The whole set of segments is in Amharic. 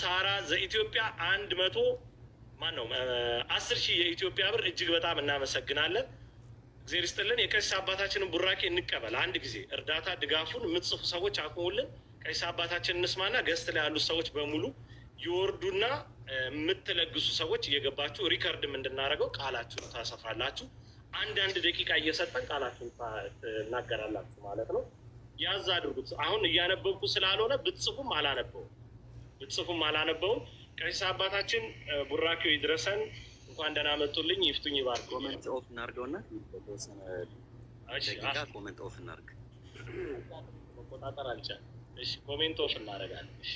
ሳራ ዘኢትዮጵያ አንድ መቶ ማን ነው አስር ሺህ የኢትዮጵያ ብር እጅግ በጣም እናመሰግናለን። እግዜር ይስጥልን። የቀሲስ አባታችንን ቡራኬ እንቀበል። አንድ ጊዜ እርዳታ ድጋፉን የምትጽፉ ሰዎች አቁሙልን። ቀሲስ አባታችን እንስማና ገስት ላይ ያሉት ሰዎች በሙሉ ይወርዱና የምትለግሱ ሰዎች እየገባችሁ ሪከርድም እንድናደርገው ቃላችሁን ታሰፋላችሁ። አንዳንድ ደቂቃ እየሰጠን ቃላችሁን ትናገራላችሁ ማለት ነው። ያዝ አድርጉት። አሁን እያነበብኩ ስላልሆነ ብትጽፉም አላነበውም ብጽፉም አላነበውም። ቀሲስ አባታችን ቡራኪው ይድረሰን። እንኳን ደህና መጡልኝ። ይፍቱኝ ይባርክ። ኮመንት ኦፍ እናድርገውና ኮመንት ኦፍ እናርግ። መቆጣጠር አልቻል። እሺ ኮሜንት ኦፍ እናደርጋለን። እሺ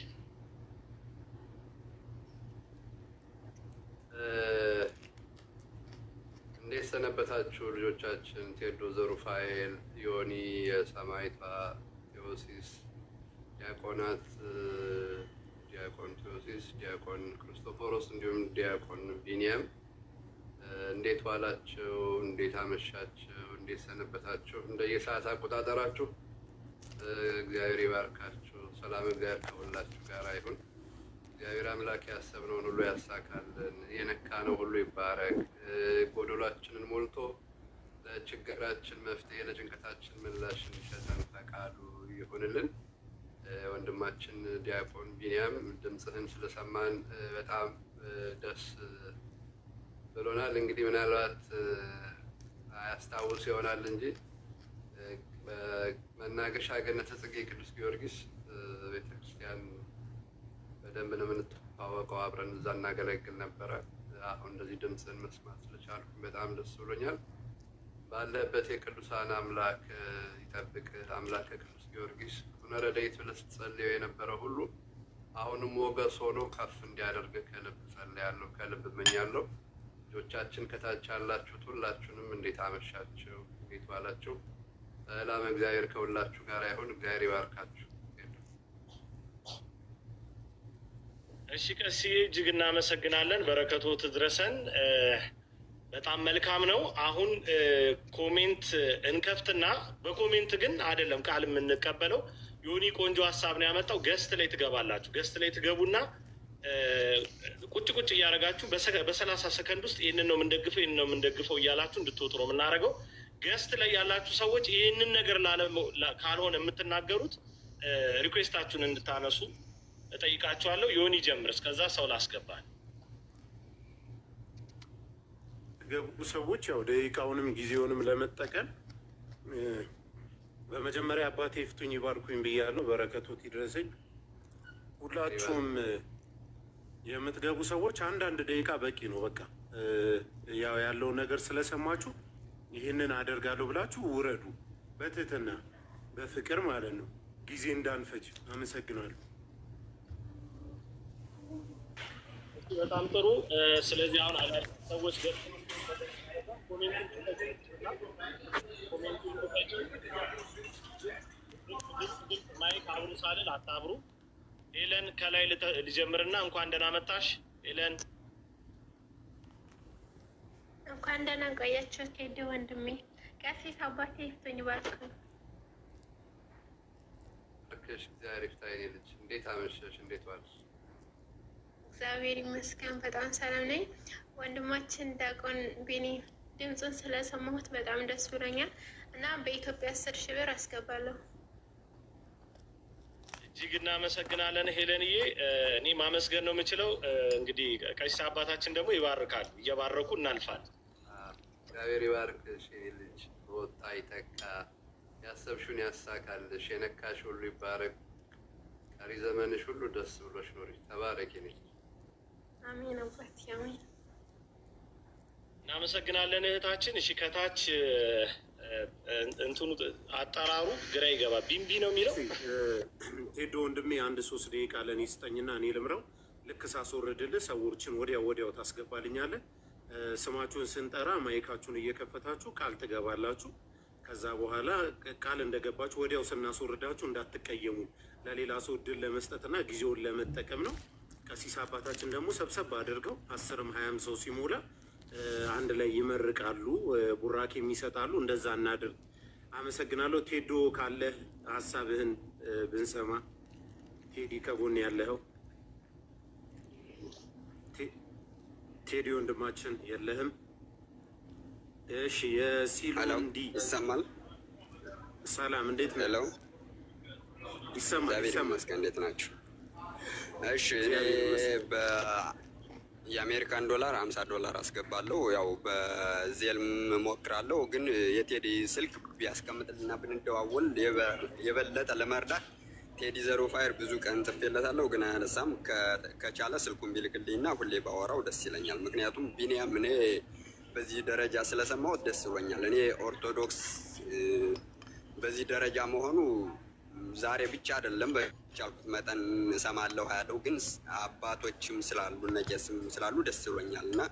እንዴት ሰነበታችሁ ልጆቻችን? ቴዶ ዘሩፋኤል፣ ዮኒ፣ የሰማይቷ ቴዎሲስ፣ ዲያቆናት ዲያቆን ቴዎሲስ ዲያቆን ክርስቶፎሮስ እንዲሁም ዲያቆን ቢኒያም እንዴት ዋላችሁ? እንዴት አመሻችሁ? እንዴት ሰነበታችሁ? እንደየሰዓት አቆጣጠራችሁ እግዚአብሔር ይባርካችሁ። ሰላም እግዚአብሔር ከሁላችሁ ጋር ይሁን። እግዚአብሔር አምላክ ያሰብነውን ሁሉ ያሳካልን። የነካነው ሁሉ ይባረክ። ጎዶላችንን ሞልቶ ለችግራችን መፍትሄ ለጭንቀታችን ምላሽ እንዲሰጠን ፈቃዱ ይሁንልን። ወንድማችን ዲያቆን ቢንያም ድምፅህን ስለሰማን በጣም ደስ ብሎናል። እንግዲህ ምናልባት አያስታውስ ይሆናል እንጂ መናገሻ ገነተ ጽጌ ቅዱስ ጊዮርጊስ ቤተክርስቲያን በደንብ ነው የምንተዋወቀው። አብረን እዛ እናገለግል ነበረ። አሁን እንደዚህ ድምፅን መስማት ስለቻልኩ በጣም ደስ ብሎኛል። ባለበት የቅዱሳን አምላክ ይጠብቅ። አምላክ ቅዱስ ጊዮርጊስ ረዳይት ብለህ ስትጸልየው የነበረ ሁሉ አሁንም ሞገስ ሆኖ ከፍ እንዲያደርግ ከልብ ጸልያለሁ፣ ከልብ እመኛለሁ። ልጆቻችን ከታች ያላችሁት ሁላችሁንም እንዴት አመሻችሁ፣ እንዴት ዋላችሁ? ሰላም እግዚአብሔር ከሁላችሁ ጋር ይሁን። እግዚአብሔር ይባርካችሁ። እሺ ቀሲዬ እጅግ እናመሰግናለን። በረከቱ ትድረሰን። በጣም መልካም ነው። አሁን ኮሜንት እንከፍትና በኮሜንት ግን አይደለም ቃል የምንቀበለው ዮኒ ቆንጆ ሀሳብ ነው ያመጣው። ገስት ላይ ትገባላችሁ። ገስት ላይ ትገቡና ቁጭ ቁጭ እያደረጋችሁ በሰላሳ ሰከንድ ውስጥ ይህንን ነው የምንደግፈው፣ ይህንን ነው የምንደግፈው እያላችሁ እንድትወጡ ነው የምናደርገው። ገስት ላይ ያላችሁ ሰዎች ይህንን ነገር ካልሆነ የምትናገሩት ሪኩዌስታችሁን እንድታነሱ እጠይቃችኋለሁ። ዮኒ ጀምር፣ እስከዛ ሰው ላስገባል። ገቡ ሰዎች ያው ደቂቃውንም ጊዜውንም ለመጠቀም በመጀመሪያ አባቴ ፍቱኝ ይባርኩኝ ብያለሁ። በረከቶት ይድረስኝ ሁላችሁም የምትገቡ ሰዎች አንዳንድ ደቂቃ በቂ ነው። በቃ ያው ያለውን ነገር ስለሰማችሁ ይህንን አደርጋለሁ ብላችሁ ውረዱ። በትህትና በፍቅር ማለት ነው። ጊዜ እንዳንፈጅ። አመሰግናለሁ። በጣም ጥሩ። ስለዚህ አሁን ሰዎች ማይክ አብሩ ሳልል አታብሩ። ኤለን ከላይ ልጀምርና እንኳን ደህና መጣሽ ኤለን። እንኳን ደህና ቆያችሁ ቴዲ ወንድሜ። ቀሲስ አባቴ ይፍቶኝ እባክህ። እግዚአብሔር ይፍታ የኔ ልጅ። እንዴት አመሸሽ? እንዴት ዋልሽ? እግዚአብሔር ይመስገን በጣም ሰላም ነኝ። ወንድማችን ዲያቆን ቤኒ ድምፅን ስለሰማሁት በጣም ደስ ብሎኛል እና በኢትዮጵያ አስር ሺህ ብር አስገባለሁ። እጅግ እናመሰግናለን ሄለንዬ። እኔ ማመስገን ነው የምችለው። እንግዲህ ቀሲስ አባታችን ደግሞ ይባርካል፣ እየባረኩ እናልፋል። እግዚአብሔር ይባርክሽ ልጅ ወጣ ይተካ፣ ያሰብሽውን ያሳካልሽ፣ የነካሽ ሁሉ ይባረክ። ቀሪ ዘመንሽ ሁሉ ደስ ብሎሽ ኖሪ። ተባረኪ ነች። አሜን አባት አሜን። እናመሰግናለን እህታችን። እሺ ከታች እንትኑ አጠራሩ ግራ ይገባ ቢምቢ ነው የሚለው ቴዶ ወንድሜ፣ አንድ ሶስት ደቂቃ ለእኔ ስጠኝና እኔ ልምረው። ልክ ሳስወርድልህ ሰዎችን ወዲያው ወዲያው ታስገባልኛለህ። ስማችሁን ስንጠራ ማይካችሁን እየከፈታችሁ ቃል ትገባላችሁ። ከዛ በኋላ ቃል እንደገባችሁ ወዲያው ስናስወርዳችሁ እንዳትቀየሙ ለሌላ ሰው እድል ለመስጠትና ጊዜውን ለመጠቀም ነው። ቀሲስ አባታችን ደግሞ ሰብሰብ አድርገው አስርም ሀያም ሰው ሲሞላ አንድ ላይ ይመርቃሉ፣ ቡራኬም የሚሰጣሉ። እንደዛ እናድርግ። አመሰግናለሁ። ቴዶ ካለ ሀሳብህን ብንሰማ። ቴዲ ከጎን ያለኸው ቴዲ ወንድማችን የለህም? እሺ፣ የሲሉ እንዲ ይሰማል? ሰላም፣ እንዴት ነው? ይሰማል። ይሰማል። ይመስገን። እንዴት ናችሁ? እሺ፣ የአሜሪካን ዶላር 50 ዶላር አስገባለሁ። ያው በዜልም ሞክራለሁ። ግን የቴዲ ስልክ ቢያስቀምጥልና ብንደዋወል የበለጠ ለመርዳት ቴዲ ዘሮ ፋይር ብዙ ቀን ጽፌለታለሁ፣ ግን አያነሳም። ከቻለ ስልኩን ቢልክልኝና ሁሌ ባወራው ደስ ይለኛል። ምክንያቱም ቢኒያም እኔ በዚህ ደረጃ ስለሰማሁት ደስ ብሎኛል። እኔ ኦርቶዶክስ በዚህ ደረጃ መሆኑ ዛሬ ብቻ አይደለም፣ በቻልኩት መጠን እሰማለሁ ያለው ግን አባቶችም ስላሉ ነቄስም ስላሉ ደስ ብሎኛል እና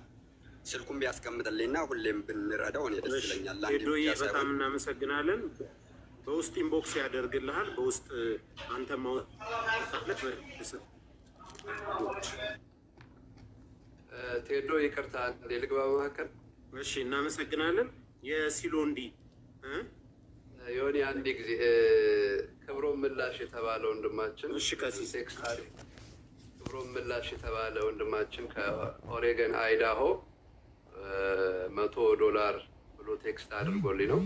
ስልኩን ቢያስቀምጥልኝና ሁሌም ብንረዳው እኔ ደስ ይለኛል። ዶዬ በጣም እናመሰግናለን። በውስጥ ኢንቦክስ ያደርግልሃል። በውስጥ አንተ ማወጣለት ቴዶ ይቅርታ ልግባ መካከል። እሺ እናመሰግናለን። የሲሎንዲ የሆነ አንድ ጊዜ ክብሮ ምላሽ የተባለ ወንድማችን ሴክስታሪ ክብሮ ምላሽ የተባለ ወንድማችን ከኦሬገን አይዳሆ መቶ ዶላር ብሎ ቴክስት አድርጎልኝ ነው።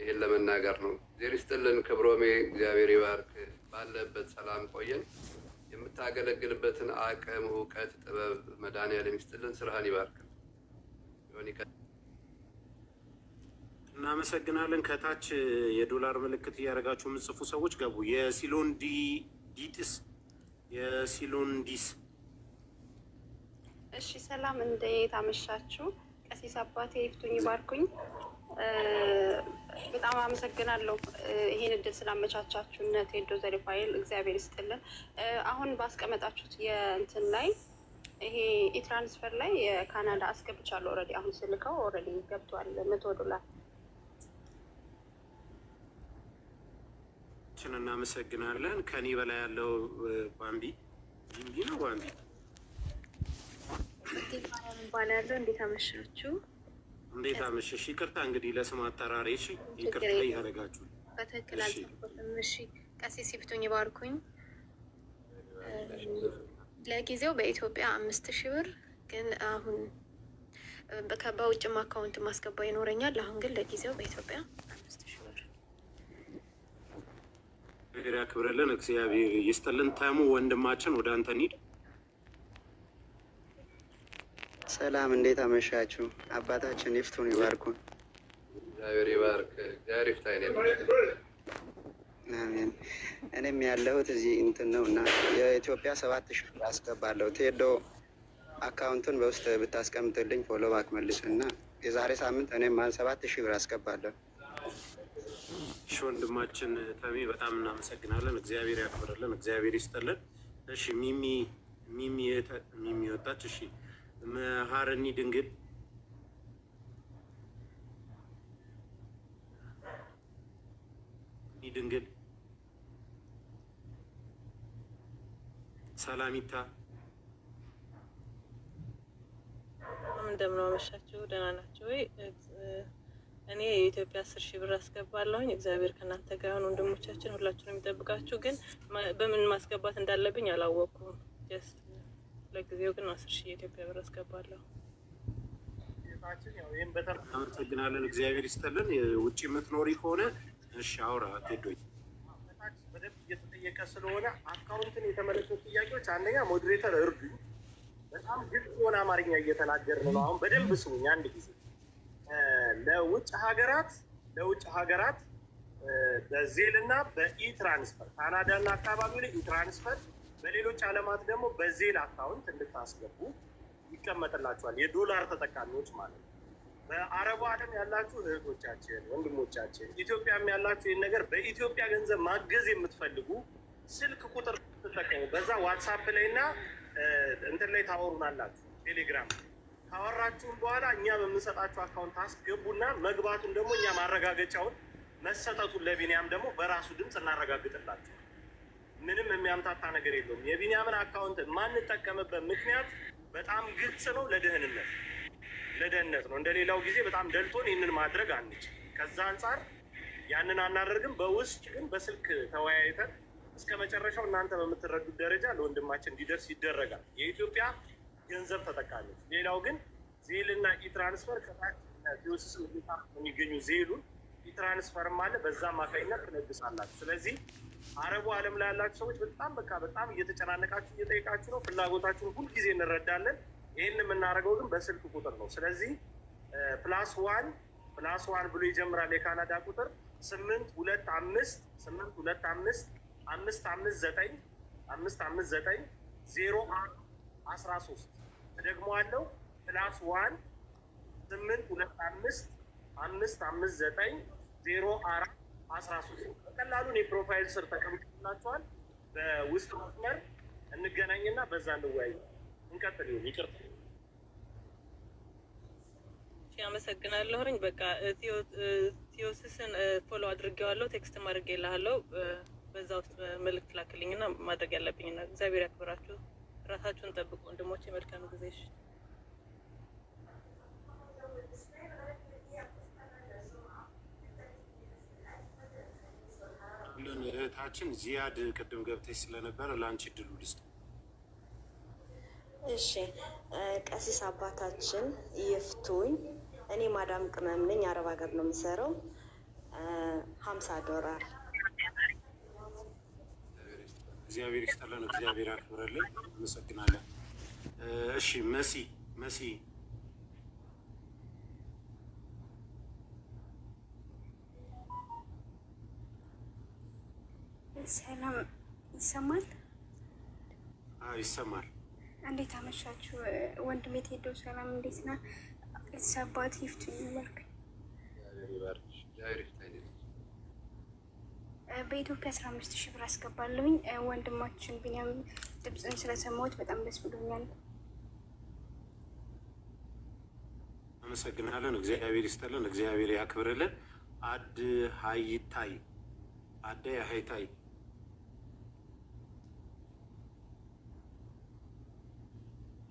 ይህን ለመናገር ነው። እግዜር ይስጥልን ክብሮሜ፣ እግዚአብሔር ይባርክ። ባለበት ሰላም ቆየን። የምታገለግልበትን አቅም፣ እውቀት፣ ጥበብ መድኃኒዓለም ይስጥልን። ስራህን ይባርክ። እናመሰግናለን። ከታች የዶላር ምልክት እያደረጋችሁ የምጽፉ ሰዎች ገቡ። የሲሎን ዲዲጥስ የሲሎን ዲስ። እሺ ሰላም፣ እንዴት አመሻችሁ? ቀሲስ አባቴ ይፍቱኝ ባርኩኝ። በጣም አመሰግናለሁ ይሄን እድል ስላመቻቻችሁነ ቴዶ ዘሪፋይል እግዚአብሔር ይስጥልን። አሁን ባስቀመጣችሁት የእንትን ላይ ይሄ ኢትራንስፈር ላይ የካናዳ አስገብቻለሁ ኦልሬዲ። አሁን ስልከው ኦልሬዲ ገብቷል መቶ ዶላር ሁላችን እናመሰግናለን። ከኔ በላይ ያለው ባምቢ ቢንቢ ነው። ባምቢ ባላለው እንዴት አመሻችሁ? እንዴት አመሸሽ? ይቅርታ እንግዲህ ለስም አጠራሬ እሺ፣ ይቅርታ እያደረጋችሁ በትክክል አልጽፎትም። እሺ፣ ቀሴ ሲፍቶኝ ባርኩኝ። ለጊዜው በኢትዮጵያ አምስት ሺ ብር ግን አሁን በውጭም አካውንት ማስገባ ይኖረኛል። አሁን ግን ለጊዜው በኢትዮጵያ አምስት እግዚአብሔር ያክብርልን፣ እግዚአብሔር ይስጥልን። ታሙ ወንድማችን ወደ አንተ እንሂድ። ሰላም፣ እንዴት አመሻችሁ? አባታችን ይፍቱን ይባርኩን። እግዚአብሔር ይባርክ። እግዚአብሔር ይፍታ። አሜን። እኔም ያለሁት እዚህ እንትን ነው እና የኢትዮጵያ ሰባት ሺ ብር አስገባለሁ። ቴዶ አካውንቱን በውስጥ ብታስቀምጥልኝ ፎሎ ባክ መልስ እና የዛሬ ሳምንት እኔም ሰባት ሺ ብር አስገባለሁ። እሺ ወንድማችን ተሜ በጣም እናመሰግናለን። እግዚአብሔር ያክብርልን፣ እግዚአብሔር ይስጥልን። እሺ ሚሚ ሚሚ ሚሚ ወጣች። እሺ መሀረኒ ድንግል ድንግል ሰላሚታ እንደምን አመሻችሁ። ደህና ናቸው ወይ? እኔ የኢትዮጵያ አስር ሺህ ብር አስገባለሁኝ። እግዚአብሔር ከእናንተ ጋር ይሁን። ወንድሞቻችን ሁላችሁንም የሚጠብቃችሁ። ግን በምን ማስገባት እንዳለብኝ አላወቅኩም። ለጊዜው ግን አስር ሺህ የኢትዮጵያ ብር አስገባለሁ። አመሰግናለን። እግዚአብሔር ይስጥልን። ውጭ የምትኖሪ ከሆነ እሺ፣ አውራ ቴዶኝ እየተጠየቀ ስለሆነ አካውንትን የተመለሱ ጥያቄዎች፣ አንደኛ ሞዴሬተር እርዱ። በጣም ግልጽ የሆነ አማርኛ እየተናገር ነው። አሁን በደንብ ስሙኝ አንድ ጊዜ ለውጭ ሀገራት ለውጭ ሀገራት በዜል እና በኢትራንስፈር ካናዳና አካባቢው ላይ ኢትራንስፈር በሌሎች አለማት ደግሞ በዜል አካውንት እንድታስገቡ ይቀመጥላቸዋል። የዶላር ተጠቃሚዎች ማለት ነው። በአረቡ ዓለም ያላችሁ እህቶቻችን፣ ወንድሞቻችን ኢትዮጵያም ያላችሁ ይህን ነገር በኢትዮጵያ ገንዘብ ማገዝ የምትፈልጉ ስልክ ቁጥር ትጠቀሙ። በዛ ዋትሳፕ ላይ እና እንትን ላይ ታወሩናላችሁ ቴሌግራም ካወራችሁም በኋላ እኛ በምንሰጣችሁ አካውንት አስገቡና መግባቱን ደግሞ እኛ ማረጋገጫውን መሰጠቱን ለቢኒያም ደግሞ በራሱ ድምፅ እናረጋግጥላችሁ። ምንም የሚያምታታ ነገር የለውም። የቢኒያምን አካውንት የማንጠቀምበት ምክንያት በጣም ግልጽ ነው። ለደህንነት ለደህንነት ነው። እንደሌላው ጊዜ በጣም ደልቶን ይህንን ማድረግ አንችል። ከዛ አንጻር ያንን አናደርግም። በውስጥ ግን በስልክ ተወያይተን እስከ መጨረሻው እናንተ በምትረዱት ደረጃ ለወንድማችን እንዲደርስ ይደረጋል። የኢትዮጵያ ገንዘብ ተጠቃሚዎች። ሌላው ግን ዜል እና ኢትራንስፈር ከታች ዲዮሲስ የሚገኙ ዜሉን ኢትራንስፈርም አለ። በዛ አማካኝነት ትለግሳላችሁ። ስለዚህ አረቡ ዓለም ላይ ያላችሁ ሰዎች በጣም በቃ በጣም እየተጨናነቃችሁ እየጠየቃችሁ ነው። ፍላጎታችሁን ሁልጊዜ እንረዳለን። ይህን የምናደርገው ግን በስልክ ቁጥር ነው። ስለዚህ ፕላስ ዋን ፕላስ ዋን ብሎ ይጀምራል የካናዳ ቁጥር ስምንት ሁለት አምስት ስምንት ሁለት አምስት አምስት አምስት ዘጠኝ አምስት አምስት ዘጠኝ ዜሮ አንድ አስራ ሶስት ደግሞ አለው ፕላስ ዋን ስምንት ሁለት አምስት አምስት አምስት ዘጠኝ ዜሮ አራት አስራ ሶስት በቀላሉን የፕሮፋይል ስር ተቀምጭላቸዋል። በውስጥ መስመር እንገናኝና በዛ እንወያይ። እንቀጥል። ይሁን ይቅርታ አመሰግናለሁ አመሰግናለሁኝ። በቃ ቴዎሲስን ፎሎ አድርጌዋለሁ። ቴክስት ማድረግ የላለው በዛ ውስጥ መልእክት ላክልኝና ማድረግ ያለብኝና እግዚአብሔር ያክብራችሁ። ራሳችሁን ጠብቁ ወንድሞች መልካም ጊዜ። እሺ እህታችን ዚያድ ቅድም ገብተች ስለነበረ ለአንቺ ድሉ ልስጥ። እሺ ቀሲስ አባታችን ይፍቱኝ። እኔ ማዳም ቅመም ነኝ። አረብ ሀገር ነው የምሰራው። ሀምሳ ዶላር እግዚአብሔር ይስጥልን፣ እግዚአብሔር ያክብረልን። አመሰግናለን። እሺ መሲ መሲ ሰላም ይሰማል? ይሰማል። እንዴት አመሻችሁ? ወንድሜ ቴዶ ሰላም እንዴት ነህ? ሰባት ይፍቱ ይመልክ በኢትዮጵያ አስራ አምስት ሺህ ብር አስገባለሁኝ። ወንድማችን ቢኒያም ድምፅን ስለሰማሁት በጣም ደስ ብሎኛል። አመሰግናለን። እግዚአብሔር ይስጠልን፣ እግዚአብሔር ያክብርልን። አድ ሀይታይ አደ ሀይታይ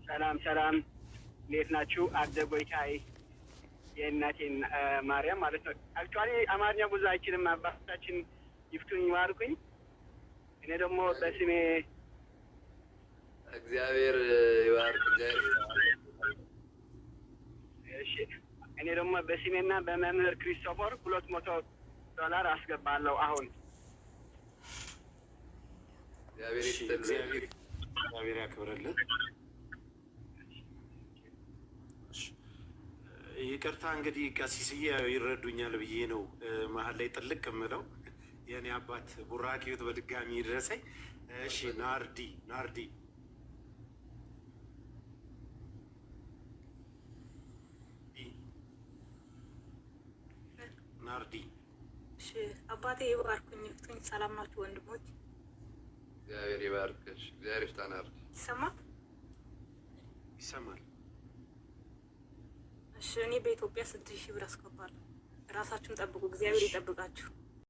ሰላም ሰላም፣ እንዴት ናችሁ? አደ ጎይታይ የእናቴን ማርያም ማለት ነው። አክቹዋሊ አማርኛ ብዙ አይችልም አባታችን ይፍቱኝ ማርኩኝ። እኔ ደግሞ በስሜ እግዚአብሔር ይባርክ። እሺ እኔ ደግሞ በስሜና በመምህር ክሪስቶፈር ሁለት መቶ ዶላር አስገባለሁ። አሁን እግዚአብሔር ያክብረልን። ይቅርታ እንግዲህ ቀሲስዬ ይረዱኛል ብዬ ነው መሀል ላይ ጥልቅ የምለው የእኔ አባት ቡራኪዩት በድጋሚ ይድረሰኝ። እሺ ናርዲ ናርዲ ናርዲ አባቴ ይባርኩኝ። ፍቱኝ። ሰላም ናችሁ ወንድሞች? እግዚአብሔር ይባርክሽ። እግዚአብሔር ይፍታ። ናርዲ ይሰማል? ይሰማል። እሺ እኔ በኢትዮጵያ ስድስት ሺህ ብር አስገባለሁ። ራሳችሁን ጠብቁ። እግዚአብሔር ይጠብቃችሁ።